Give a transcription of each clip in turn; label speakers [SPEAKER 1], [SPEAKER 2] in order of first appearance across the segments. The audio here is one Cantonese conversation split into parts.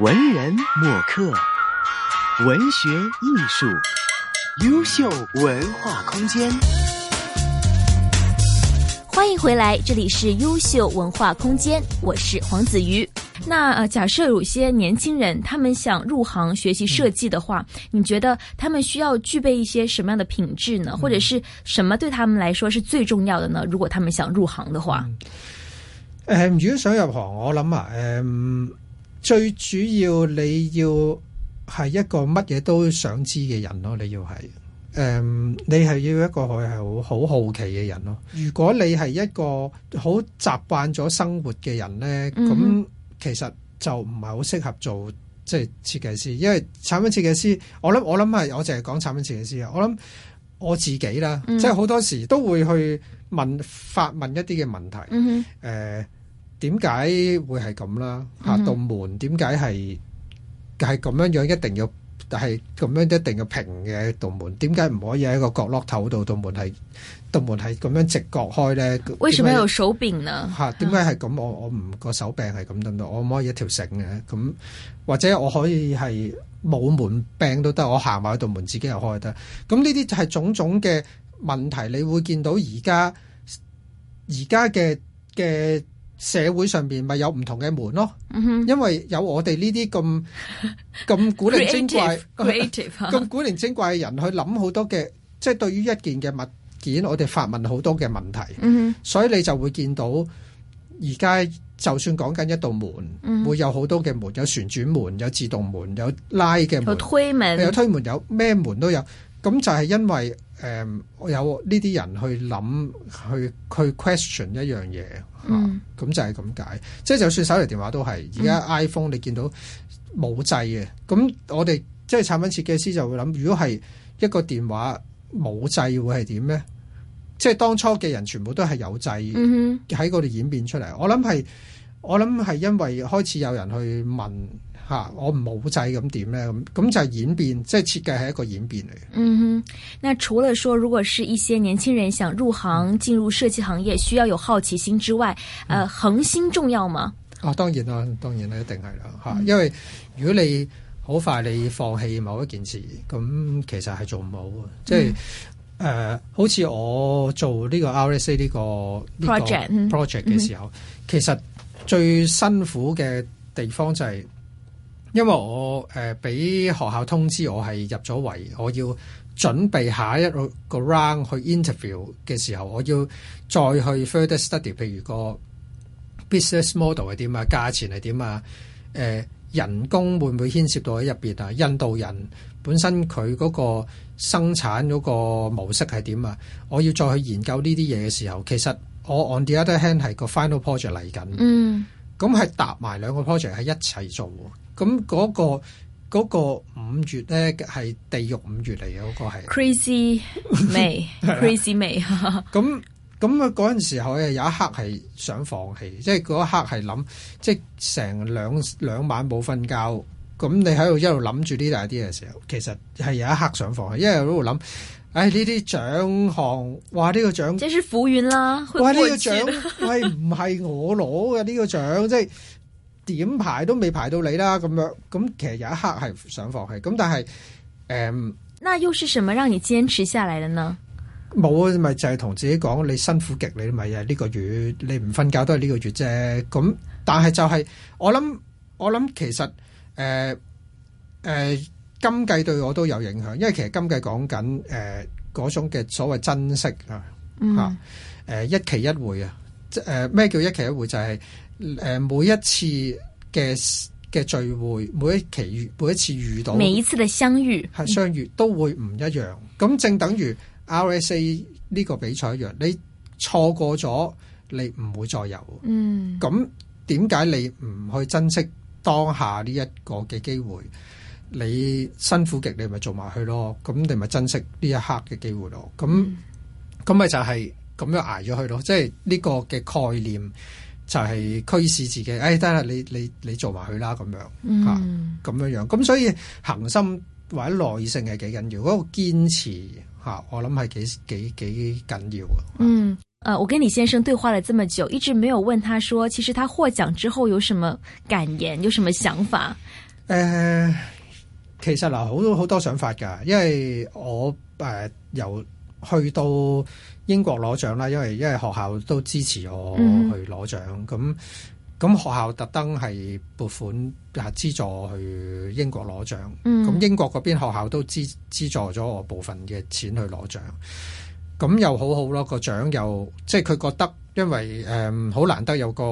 [SPEAKER 1] 文人墨客，文學藝術，優秀文化空間。歡迎回來，這裏是優秀文化空間，我是黃子瑜。那、呃、假設有些年輕人他們想入行學習設計的話，嗯、你覺得他們需要具備一些什麼樣的品質呢？或者是什麼對他們來說是最重要的呢？如果他們想入行的話，嗯
[SPEAKER 2] 呃、如果想入行，我諗啊，呃最主要你要係一個乜嘢都想知嘅人咯，你要係，誒、嗯，你係要一個係好好好奇嘅人咯。如果你係一個好習慣咗生活嘅人呢，咁、嗯、哼其實就唔係好適合做即係設計師，因為產品設計師，我諗我諗係我淨係講產品設計師啊。我諗我自己啦，嗯、即係好多時都會去問發問一啲嘅問題，誒、嗯哼。呃點解會係咁啦？吓，道門點解係係咁樣樣？一定要，但係咁樣一定要平嘅道門，點解唔可以喺個角落頭度道門係道門係咁樣直角開咧？為什麼有
[SPEAKER 1] 手柄呢？吓，
[SPEAKER 2] 點解係咁？我我唔個手柄係咁得咯，我唔可以一條繩嘅咁，或者我可以係冇門柄都得，我行埋喺道門自己又開得。咁呢啲就係種種嘅問題，你會見到而家而家嘅嘅。社會上面咪有唔同嘅門咯，因為有我哋呢啲咁咁古靈精怪、creative、咁古靈精怪嘅人，去諗好多嘅，即係對於一件嘅物件，我哋發問好多嘅問題，所以你就會見到而家就算講緊一道門，會有好多嘅門，有旋轉門，有自動門，有拉嘅門，有推門，有推門，有咩門都有，咁就係因為。誒，嗯、有呢啲人去諗，去去 question 一、嗯啊、樣嘢嚇，咁就係咁解。即係就算手提電話都係，而家 iPhone 你見到冇掣嘅，咁、嗯、我哋即係產品設計師就會諗，如果係一個電話冇掣會係點呢？即係當初嘅人全部都係有掣，喺嗰度演變出嚟。我諗係。我諗係因為開始有人去問、啊、我冇制咁點咧咁，咁就係演變，即係設計係一個演變嚟嘅。嗯
[SPEAKER 1] 哼、mm，hmm. 那除了說，如果是一些年輕人想入行、進入設計行業，需要有好奇心之外，恒、啊 mm hmm. 恆心重要嗎？
[SPEAKER 2] 啊，當然啦，當然啦，一定係啦、啊 mm hmm. 因為如果你好快你放棄某一件事，咁其實係做唔好嘅。即係、mm hmm. 就是呃、好似我做呢個 R、這個這個、S A 呢個 project project、mm、嘅、hmm. 時候，其實。最辛苦嘅地方就係、是、因為我誒俾、呃、學校通知我係入咗圍，我要準備下一個個 round 去 interview 嘅時候，我要再去 further study，譬如個 business model 係點啊，價錢係點啊，誒、呃、人工會唔會牽涉到喺入邊啊？印度人本身佢嗰個生產嗰個模式係點啊？我要再去研究呢啲嘢嘅時候，其實。我 on the other hand 係個 final project 嚟緊，咁係搭埋兩個 project 係一齊做，咁嗰個嗰個五月咧係地獄五月嚟嘅，嗰個係
[SPEAKER 1] crazy May，crazy May。
[SPEAKER 2] 咁咁啊嗰陣時候有一刻係想放棄，即係嗰一刻係諗，即係成兩兩晚冇瞓覺，咁你喺度一路諗住啲大啲嘅時候，其實係有一刻想放棄，因為喺度諗。誒，呢啲獎項，哇！呢、這個獎，即係浮雲啦、這個。喂，呢、這個獎，喂， 唔係我攞嘅呢個獎，即係點排都未排到你啦。咁樣，咁其實有一刻係想放棄。咁但係，誒、嗯，那又是什麼讓你堅持下來的呢？冇啊，咪就係、是、同自己講，你辛苦極，你咪啊呢個月，你唔瞓覺都係呢個月啫。咁但係就係、是，我諗，我諗其實，誒、呃，誒、呃。今季對我都有影響，因為其實今季講緊誒、呃、嗰種嘅所謂珍惜啊吓誒、嗯呃、一期一會啊，誒、呃、咩叫一期一會就係、是、誒、呃、每一次嘅嘅聚會，每一期每一次遇到每一次嘅相遇係相遇都會唔一樣。咁、嗯、正等於 R S A 呢個比賽一樣，你錯過咗你唔會再有。嗯，咁點解你唔去珍惜當下呢一個嘅機會？你辛苦極，你咪做埋去咯。咁你咪珍惜呢一刻嘅機會咯。咁咁咪就係咁樣挨咗去咯。即係呢個嘅概念就係驅使自己，哎，得啦，你你你做埋去啦。咁樣吓咁樣樣。咁所以恒心或者耐性係幾緊要。嗰個堅持吓，我諗係幾幾幾緊要啊。嗯、啊，
[SPEAKER 1] 誒、啊啊啊啊啊啊啊，我跟李先生對話咗這麼久，一直沒有問他說，其實他獲獎之後有什麼感言，有什麼想法？誒、嗯。呃
[SPEAKER 2] 其實嗱，好多好多想法噶，因為我誒、呃、由去到英國攞獎啦，因為因為學校都支持我去攞獎，咁咁、嗯嗯、學校特登係撥款啊資助我去英國攞獎，咁、嗯、英國嗰邊學校都支資，資助咗我部分嘅錢去攞獎，咁、嗯嗯、又好好咯，個獎又即係佢覺得，因為誒好、嗯、難得有個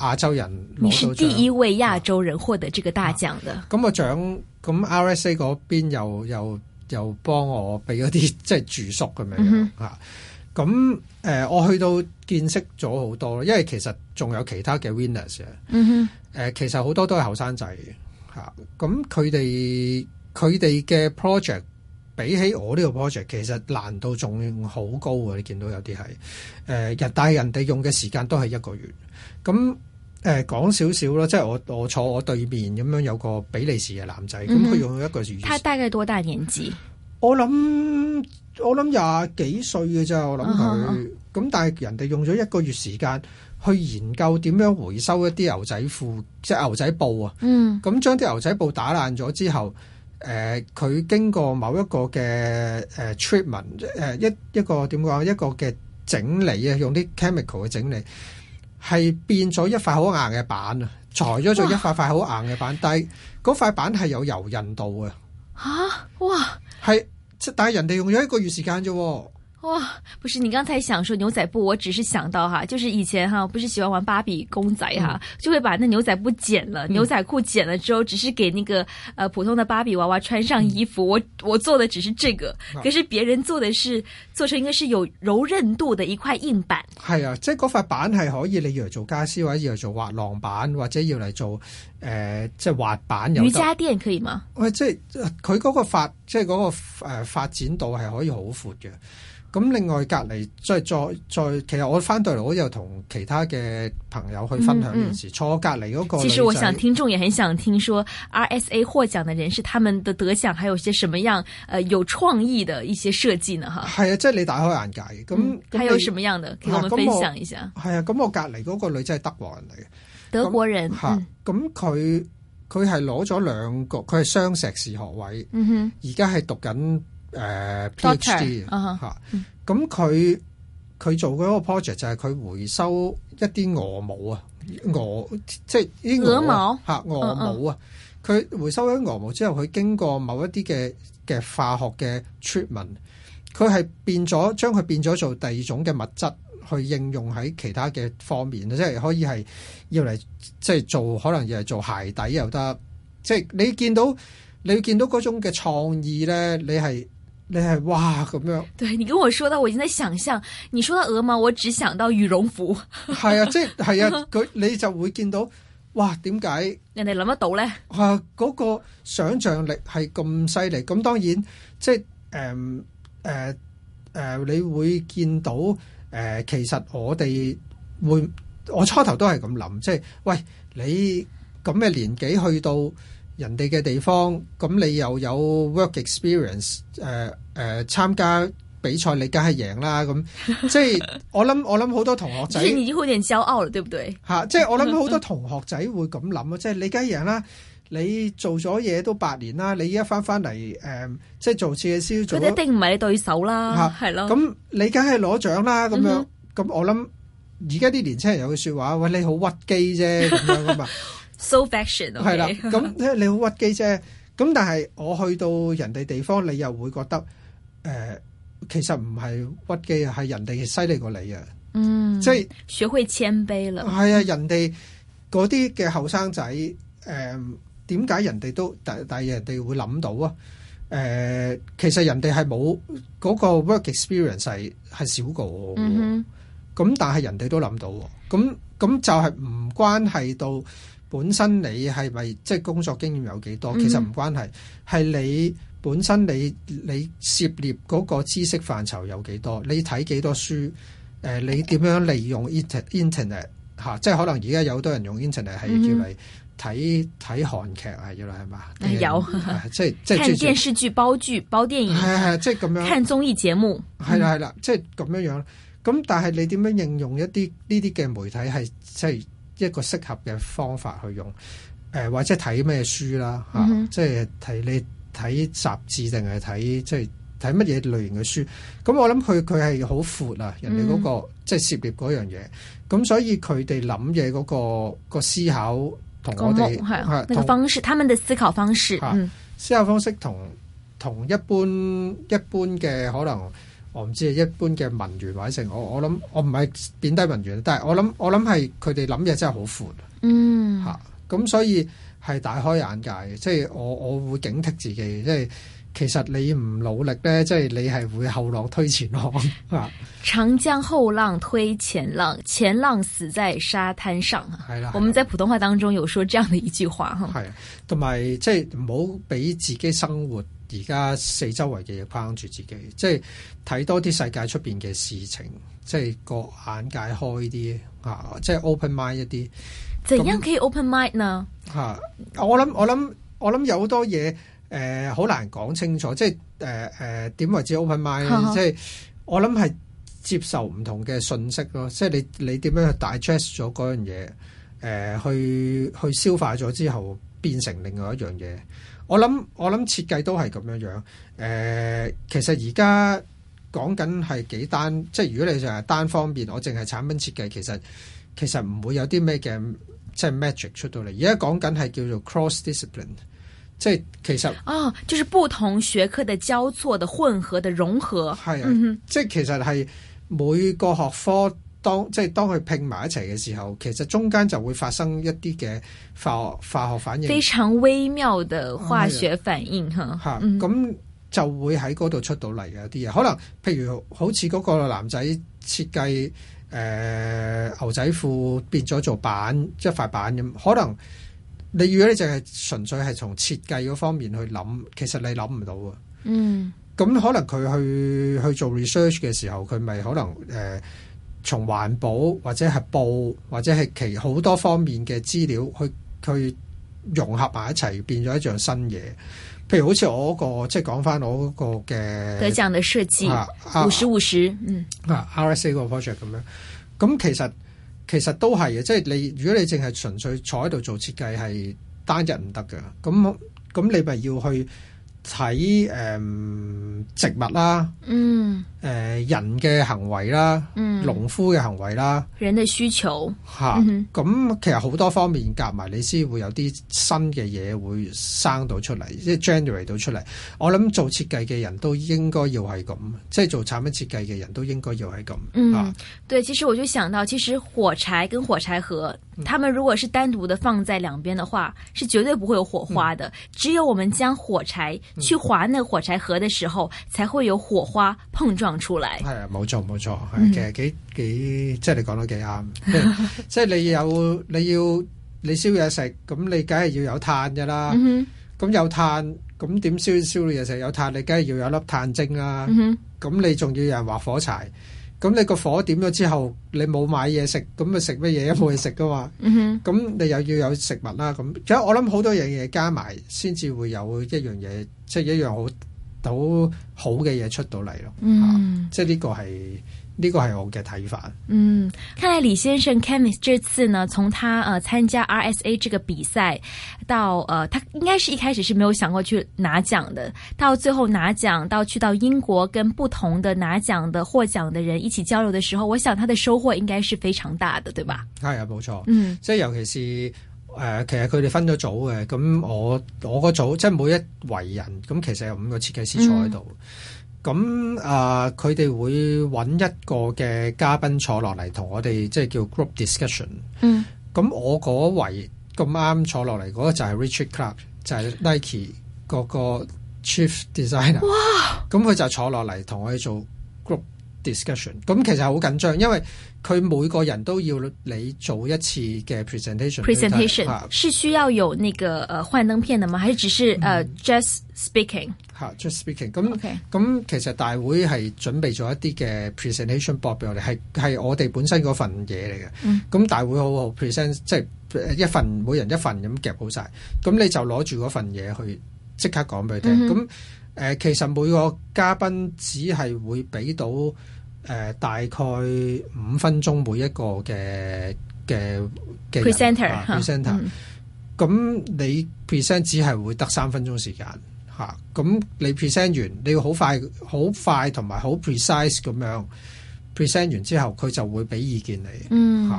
[SPEAKER 2] 亞洲人攞到獎，你是第一
[SPEAKER 1] 位亞洲人獲得這個大獎的，
[SPEAKER 2] 咁、啊啊嗯那個獎。咁 RSA 嗰邊又又又幫我俾嗰啲即係住宿，咁樣樣，咁我去到見識咗好多，因為其實仲有其他嘅 winners、mm hmm. 呃、其實好多都係後生仔，咁佢哋佢哋嘅 project 比起我呢個 project 其實難度仲好高嘅，你見到有啲係誒人帶人哋用嘅時間都係一個月咁。啊誒，講少少啦，即係我我坐我對面咁樣有個比利時嘅男仔，咁佢、嗯、用一個月。佢大概多大年紀？我諗我諗廿幾歲嘅咋，我諗佢。咁、嗯嗯嗯、但係人哋用咗一個月時間去研究點樣回收一啲牛仔褲，即係牛仔布啊。嗯。咁將啲牛仔布打爛咗之後，誒、呃，佢經過某一個嘅誒、呃、treatment，誒、呃、一一個點講，一個嘅整理啊，用啲 chemical 嘅整理。係變咗一塊好硬嘅板啊，裁咗做一塊塊好硬嘅板，一塊硬板，哇但係嗰塊板係有柔韌度嘅。
[SPEAKER 1] 吓、啊，哇，
[SPEAKER 2] 係即但係人哋用咗一個月時間啫。
[SPEAKER 1] 哇、哦，不是，你剛才想說牛仔布，我只是想到哈，就是以前哈，不是喜歡玩芭比公仔哈，嗯、就會把那牛仔布剪了，嗯、牛仔褲剪了之後，只是給那個呃普通的芭比娃娃穿上衣服。嗯、我我做的只是這個，可是別人做的是，啊、做成應該是有柔韌度的一塊硬板。
[SPEAKER 2] 是啊，即係嗰塊板係可以你要來做家私，或者要來做滑浪板，或者要嚟做呃即係滑板有。瑜伽墊可以嗎？喂、呃，即係佢嗰個發，即係嗰個誒發展度係可以好闊嘅。咁另外隔籬即係再再，其實我翻到嚟我又同其他嘅朋友去分享件事。嗯嗯坐我隔離嗰個女，其實我想聽
[SPEAKER 1] 眾也很想聽說 RSA 獲獎嘅人士他們的得獎，還有些什麼樣誒、呃、有創意的一些設計呢？哈，
[SPEAKER 2] 係啊，即、就、係、是、你打開眼界咁、嗯、
[SPEAKER 1] 你還有什麼樣的？咁、嗯、我們分享一下。
[SPEAKER 2] 係啊，咁我隔籬嗰個女仔係德國人嚟嘅，德國人。吓，咁佢佢係攞咗兩個，佢係雙碩士學位。嗯哼，而家係讀緊。誒、uh,，PhD，咁佢佢做嗰個 project 就係佢回收一啲鵝毛啊，鵝即係鵝毛吓鵝毛啊，佢、uh uh. 回收咗啲鵝毛之後，佢經過某一啲嘅嘅化學嘅 treatment，佢係變咗，將佢變咗做第二種嘅物質去應用喺其他嘅方面，即係可以係要嚟即係做可能要係做鞋底又得，即係你見到你見到你見到嗰種嘅創意咧，你係。你係哇咁樣？
[SPEAKER 1] 對你跟我說到，我已經在想象。你說到鵝毛，我只想到羽絨服。係啊， 即係啊，佢你就
[SPEAKER 2] 會見到哇？點解人哋諗得到咧？吓、啊，嗰、嗰個想象力係咁犀利。咁當然，即係誒誒誒，你會見到誒、呃，其實我哋會，我初頭都係咁諗，即係喂，你咁嘅年紀去到。人哋嘅地方，咁你又有 work experience，誒、呃、誒、呃、參加比賽，你梗係贏啦。咁即係 我諗，我諗好多同學仔，你已
[SPEAKER 1] 經會點驕傲了，對唔對、
[SPEAKER 2] 啊、即係我諗好多同學仔會咁諗啊！ 即係你梗係贏啦，你做咗嘢都八年啦，你依家翻翻嚟即係做設計師，佢一定唔係你對手啦，係咯、啊？咁的、啊、你梗係攞獎啦，咁樣咁 我諗而家啲年輕人有句說話，喂你好屈機啫咁樣噶嘛。
[SPEAKER 1] so fashion 咯、okay，係啦，咁
[SPEAKER 2] 你你屈機啫。咁但係我去到人哋地方，你又會覺得誒、呃，其實唔係屈機啊，係人哋犀利過你啊。嗯，
[SPEAKER 1] 即係學會謙卑啦。係啊，
[SPEAKER 2] 人哋嗰啲嘅後生仔，誒、呃，點解人哋都但但係人哋會諗到啊？誒、呃，其實人哋係冇嗰個 work experience 係係少過我，嗯哼，咁但係人哋都諗到，咁咁就係唔關係到。本身你係咪即係工作經驗有幾多？其實唔關係，係、嗯、你本身你你涉獵嗰個知識範疇有幾多？你睇幾多書？誒、呃，你點樣利用 internet？internet 嚇、嗯啊，即係可能而家有好多人用 internet 係叫嚟睇睇韓劇係要啦，係嘛？嗯啊、有即係即係。看電視劇、煲劇、煲電影係係、啊啊、即係咁樣。看綜藝節目係啦係啦，嗯、即係咁樣樣。咁但係你點樣應用一啲呢啲嘅媒體係即係？一個適合嘅方法去用，誒、呃、或者睇咩書啦，嚇、啊 mm hmm.，即係睇你睇雜誌定係睇即係睇乜嘢類型嘅書。咁我諗佢佢係好闊啊，人哋嗰、嗰個、mm hmm. 即係涉獵嗰樣嘢。咁所以佢哋諗嘢嗰個個思考同我哋係嗰個方
[SPEAKER 1] 式，他們嘅思考方式，啊
[SPEAKER 2] 嗯、思考方式同同一般一般嘅可能。我唔知啊，一般嘅文員或者剩我，我諗我唔係貶低文員，但係我諗我諗係佢哋諗嘢真係好闊，嗯吓，咁，啊，所以係大開眼界。即係我我會警惕自己，即係其實你唔努力咧，即係你係會後浪推前浪啊！
[SPEAKER 1] 長江後浪推前浪，前浪死在沙灘上。係啦，我們在普通話當中有說這樣的一句話，係
[SPEAKER 2] 同埋即係唔好俾自己生活而家四周圍嘅嘢框住自己，即係睇多啲世界出邊嘅事情，即係個眼界開啲啊，即係 open mind 一啲。點樣
[SPEAKER 1] 叫 open mind 呢？
[SPEAKER 2] 吓、啊，我諗我諗我諗有好多嘢，誒、呃，好難講清楚。即係誒誒，點、呃呃，為之 open mind？ 即係我諗係接受唔同嘅信息咯。即係你你點樣去 digest 咗嗰樣嘢？誒、呃，去去消化咗之後，變成另外一樣嘢。我諗我諗設計都係咁樣樣，誒、呃，其實而家講緊係幾單，即係如果你就係單方面，我淨係產品設計，其實其實唔會有啲咩嘅即係 magic 出到嚟。而家講緊係叫做 cross discipline，即係其實哦，就係不同學科嘅交錯嘅混合嘅融合，係啊，嗯、哼即係其實係每個學科。當即係當佢拼埋一齊嘅時候，其實中間就會發生一啲嘅化學化學反應，非常
[SPEAKER 1] 微妙嘅化學
[SPEAKER 2] 反應吓吓。咁就會喺嗰度出到嚟嘅一啲嘢，可能譬如好似嗰個男仔設計誒、呃、牛仔褲變咗做板，即係塊板咁，可能你如果你淨係純粹係從設計嗰方面去諗，其實你諗唔到啊。嗯，咁可能佢去去做 research 嘅時候，佢咪可能誒。呃從環保或者係布或者係其他好多方面嘅資料去去融合埋一齊，變咗一樣新嘢。譬如好似我嗰、那個，即係講翻我嗰個嘅，得獎
[SPEAKER 1] 嘅設計，五十五十，嗯。
[SPEAKER 2] RSA 個 project 咁樣，咁其實其實都係嘅，即係你如果你淨係純粹坐喺度做設計係單一唔得㗎，咁咁你咪要去睇誒、嗯、植物啦，嗯。誒、呃、人嘅行為啦，嗯，農夫嘅行為啦，人的需求、啊、嗯哼，咁其實好多方面夾埋，你先會有啲新嘅嘢會生到出嚟，即、就、係、是、generate 到出嚟。我諗做設計嘅人都應該要係咁，即、就、係、是、做產品設計嘅人都應該要係咁。啊、嗯，
[SPEAKER 1] 對，其實我就想到，其實火柴跟火柴盒，嗯、他們如果是單獨的放在兩邊的話，是絕對不會有火花的。嗯、只有我們將火柴去劃那火柴盒的時候，嗯、才會有火花碰撞。放出來係
[SPEAKER 2] 啊，冇錯冇錯，其實幾幾，即係你講得幾啱。即係你有你要你燒嘢食，咁你梗係要有炭嘅啦。咁有炭，咁點燒燒你嘢食？有炭，你梗係要有粒炭精啦。咁你仲要有人劃火柴。咁你個火點咗之後，你冇買嘢食，咁咪食乜嘢？冇嘢食噶嘛。咁你又要有食物啦。咁即係我諗好多樣嘢加埋，先至會有一樣嘢，即係一樣好。有好好嘅嘢出到嚟咯，嗯，啊、即係呢個係呢、這個係我嘅睇法。嗯，
[SPEAKER 1] 看來李先生 Kenneth 這次呢，從他誒參、呃、加 RSA 這個比賽到呃，他應該是一開始是沒有想過去拿獎的，到最後拿獎，到去到英國跟不同的拿獎的獲獎的人一起交流的時候，我想他的收穫應該是非常大的，對吧？
[SPEAKER 2] 係啊、哎，冇錯，嗯，即係尤其是。呃、其實佢哋分咗組嘅，咁我我個組即係每一圍人咁，其實有五個設計師坐喺度。咁啊、嗯，佢哋、呃、會揾一個嘅嘉賓坐落嚟同我哋即係叫 group discussion。嗯，咁我嗰圍咁啱坐落嚟嗰個就係 Richard Clark，就係 Nike 嗰個 Chief Designer。哇！咁佢就坐落嚟同我哋做 group。discussion，咁其實好緊張，因為佢每個人都要你做一次嘅 presentation、啊。presentation 是
[SPEAKER 1] 需要有那個呃幻燈片的嗎還是只是呃、嗯 uh, just speaking？
[SPEAKER 2] 啊、just speaking。咁咁 Okay. 其實大會係準備咗一啲嘅 presentation board 俾我哋，係係我哋本身嗰份嘢嚟嘅。咁、嗯、大會好好 present，即係一份每人一份咁夾好晒。咁你就攞住嗰份嘢去即刻講俾佢聽。咁、嗯誒、呃，其實每個嘉賓只係會俾到誒、呃、大概五分鐘每一個嘅嘅 presenter，presenter。咁你 present 只係會得三分鐘時間嚇。咁、啊、你 present 完，你要好快、好快同埋好 precise 咁樣 present 完之後，佢就會俾意見你。啊、嗯嚇。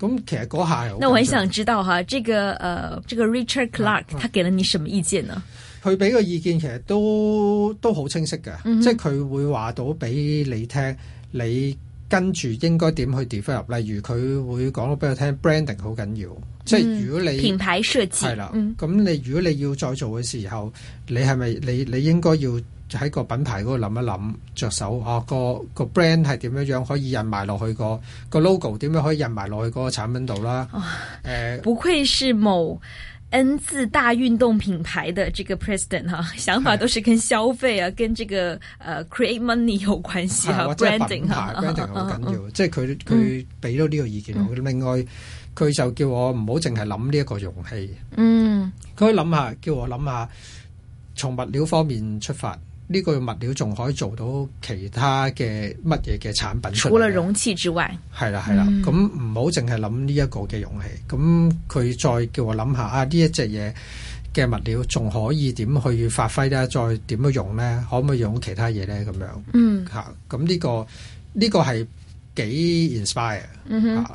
[SPEAKER 2] 咁、啊、其實嗰下又……我很想
[SPEAKER 1] 知道哈，這個呃，這個 Richard Clark，、啊、他給了你什麼意見呢？啊嗯
[SPEAKER 2] 佢俾個意見其實都都好清晰嘅，嗯、即係佢會話到俾你聽，你跟住應該點去 develop。例如佢會講到俾我聽，branding 好緊要，嗯、
[SPEAKER 1] 即係如果你品牌
[SPEAKER 2] 設計係啦，咁的、嗯、你如果你要再做嘅時候，你係咪你你應該要喺個品牌嗰度諗一諗着手啊個,個 brand 係點樣,、那個、樣可以印埋落去個 logo 點樣可以印埋落去個產品度啦、哦？
[SPEAKER 1] 不愧是某。N 字大運動品牌的這個 president、啊、哈，想法都是跟消費啊，的跟這個 create money 有關係哈、啊啊，branding 哈，branding 好緊要，啊啊、
[SPEAKER 2] 即係佢佢俾到呢個意見、嗯、另外佢就叫我唔好淨係諗呢一個容器，
[SPEAKER 1] 嗯，
[SPEAKER 2] 佢可以諗下，叫我諗下從物料方面出發。呢個物料仲可以做到其他嘅乜嘢嘅產品？除了容器之外，係啦係啦，咁唔好淨係諗呢一個嘅容器，咁佢再叫我諗下啊，呢一隻嘢嘅物料仲可以點去發揮咧？再點樣用咧？可唔可以用其他嘢咧？咁樣，嗯，嚇，咁呢個呢個係幾 inspire，嗯哼。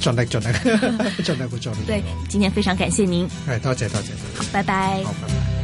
[SPEAKER 2] 盡力，盡力，盡力會盡力。呵呵 對，
[SPEAKER 1] 今天非常感謝您。
[SPEAKER 2] 哎，多謝多謝，多謝。拜拜。好，拜拜。